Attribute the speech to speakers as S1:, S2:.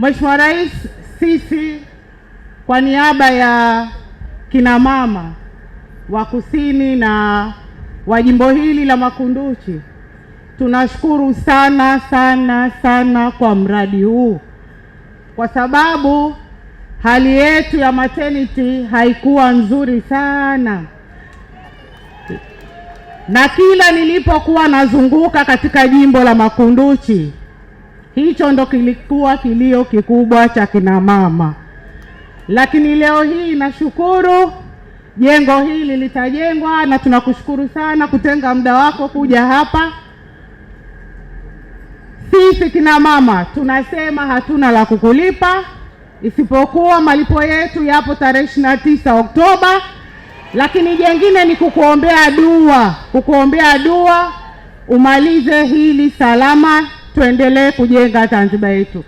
S1: Mheshimiwa Rais, sisi kwa niaba ya kinamama wa Kusini na wa jimbo hili la Makunduchi tunashukuru sana sana sana kwa mradi huu, kwa sababu hali yetu ya maternity haikuwa nzuri sana, na kila nilipokuwa nazunguka katika jimbo la Makunduchi Hicho ndo kilikuwa kilio kikubwa cha kina mama, lakini leo hii nashukuru jengo hili litajengwa, na tunakushukuru sana kutenga muda wako kuja hapa. Sisi kina mama tunasema hatuna la kukulipa, isipokuwa malipo yetu yapo tarehe ishirini tisa Oktoba, lakini jengine ni kukuombea dua, kukuombea dua umalize hili salama tuendelee kujenga Zanzibar yetu.